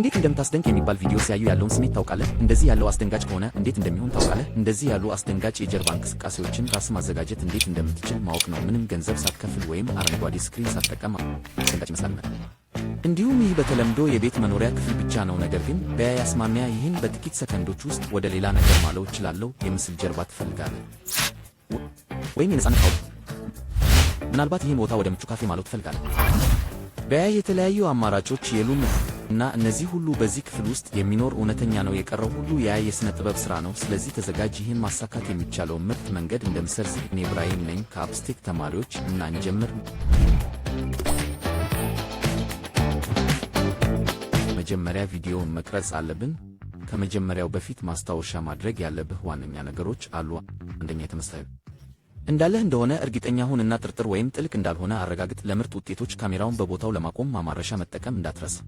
እንዴት እንደምታስደንቅ የሚባል ቪዲዮ ሲያዩ ያለውን ስሜት ታውቃለህ። እንደዚህ ያለው አስደንጋጭ ከሆነ እንዴት እንደሚሆን ታውቃለህ። እንደዚህ ያሉ አስደንጋጭ የጀርባ እንቅስቃሴዎችን ራስ ማዘጋጀት እንዴት እንደምትችል ማወቅ ነው። ምንም ገንዘብ ሳትከፍል ወይም አረንጓዴ ስክሪን ሳትጠቀም አስደንጋጭ ይመስላል። እንዲሁም ይህ በተለምዶ የቤት መኖሪያ ክፍል ብቻ ነው። ነገር ግን አስማሚያ ይህን በጥቂት ሰከንዶች ውስጥ ወደ ሌላ ነገር ማለው እችላለሁ። የምስል ጀርባ ትፈልጋለህ ወይም የነፃነት ሐውልት። ምናልባት ይህን ቦታ ወደ ምቹ ካፌ ማለው ትፈልጋለህ። በያ የተለያዩ አማራጮች የሉም። እና እነዚህ ሁሉ በዚህ ክፍል ውስጥ የሚኖር እውነተኛ ነው። የቀረው ሁሉ ያ የሥነ ጥበብ ሥራ ነው። ስለዚህ ተዘጋጅ። ይህን ማሳካት የሚቻለው ምርት መንገድ እንደምሰርዝህ። እኔ ብራይን ነኝ ከአፕስቴክ ተማሪዎች እና እንጀምር። መጀመሪያ ቪዲዮውን መቅረጽ አለብን። ከመጀመሪያው በፊት ማስታወሻ ማድረግ ያለብህ ዋነኛ ነገሮች አሉ። አንደኛ የተመሳዩ እንዳለህ እንደሆነ እርግጠኛ እና ጥርጥር ወይም ጥልቅ እንዳልሆነ አረጋግጥ። ለምርጥ ውጤቶች ካሜራውን በቦታው ለማቆም ማማረሻ መጠቀም እንዳትረሳ።